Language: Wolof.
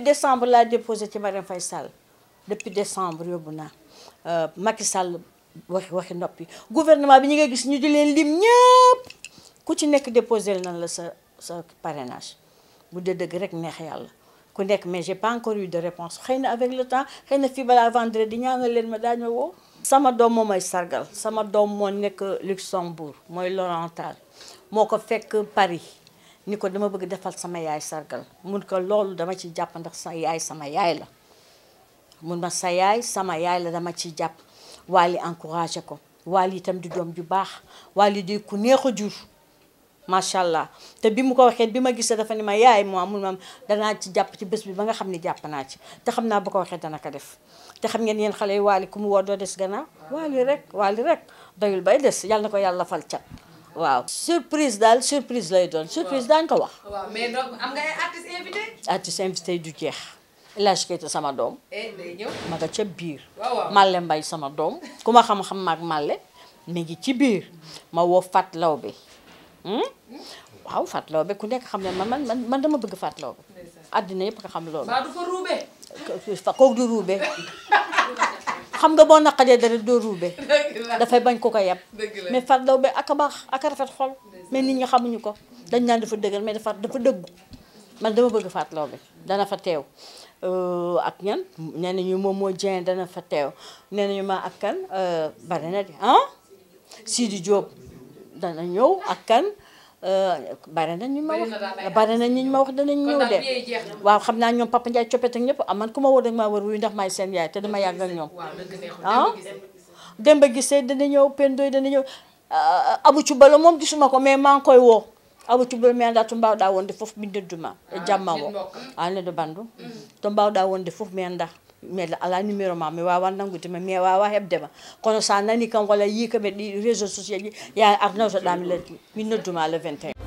depuis décembre la déposé ci Marine Faisal, depuis décembre yobuna suis euh, Macky Sall waxi waxi gouvernement bi gis ñu di lim déposé nan la parrainage bu de rek mais j'ai pas encore eu de réponse avec le temps je suis vendredi ñaanal leen ma Mon wo sama dom sargal sama Luxembourg moy Paris. ni ko dama bëgg defal sama yaay sargal mun ko loolu dama ci jàpp ndax sa yaay sama yaay la mun ma sa yaay sama yaay la dama ci jàpp waali encouragé ko waali itam di doom ju baax waali di ku neex a jur macha allah te bi mu ko waxee bi ma gisee dafa ni ma yaay moo mun ma danaa ci jàpp ci bés bi ba nga xam ne jàpp naa ci te xam naa bu ko waxee dana ko def te xam ngeen yéen xale yi waali ku mu woo doo des gannaaw waali rek waali rek doyul bay des yàlla na ko yàlla fal cat waaw surprise daal surprise lay doon surprise daañ ko wax. waaw mais donc am nga ay du jeex. El Hadj sama doom. Eh, day ca biir. Malle mbay sama doom. ku ma xam-xam maag male mi ngi ci biir ma woo Fat bi hmm? waaw Fat Lawbe ku nekk xam ne man man man dama bëgg Fat Lawbe. àddina yëpp nga xam loolu. mbaa du du ruube. xam nga boo naqadee dara doo ruube dafay bañ koo ko yeb mais Fatou Laobé ak a baax ak a rafet xol mais nit ñi xamuñu ko dañ naan dafa dëggal mais dafa dafa dëggu man dama bëgg Fatou Laobé dana fa teew euh, ak ñan nee nañu moom moo Dieng dana fa teew nee nañu ma ak kan euh, bari na de ah Sidi Diop dana ñëw ak kan Euh, bari na ñu ma wax bari na ñu ma wax danañ ñëw de waaw xam naa ñoom Papa Ndiaye coppet ak ñëpp ah man ku ma wër rek maa wër wuyu ndax maay seen yaay te dama yàgg ak ñoom ah Demba Gisee dana ñëw Pendoy dana ñëw ah, Abu Cubalo moom gisuma ko mais maa ngi koy woo abu cubal mi anda to mbawɗa wonde foof min dedduma e ah, jamma o an ah, neɗo bandu mm. to mbawɗa wonde foof mi anda mbeɗa ala numéro ma mi wawa nanngudema mi wawa heɓdema kono sa nani kam walla yi kam e ɗi réseau social ji ya arnawtoɗami leddi min nodduma le 21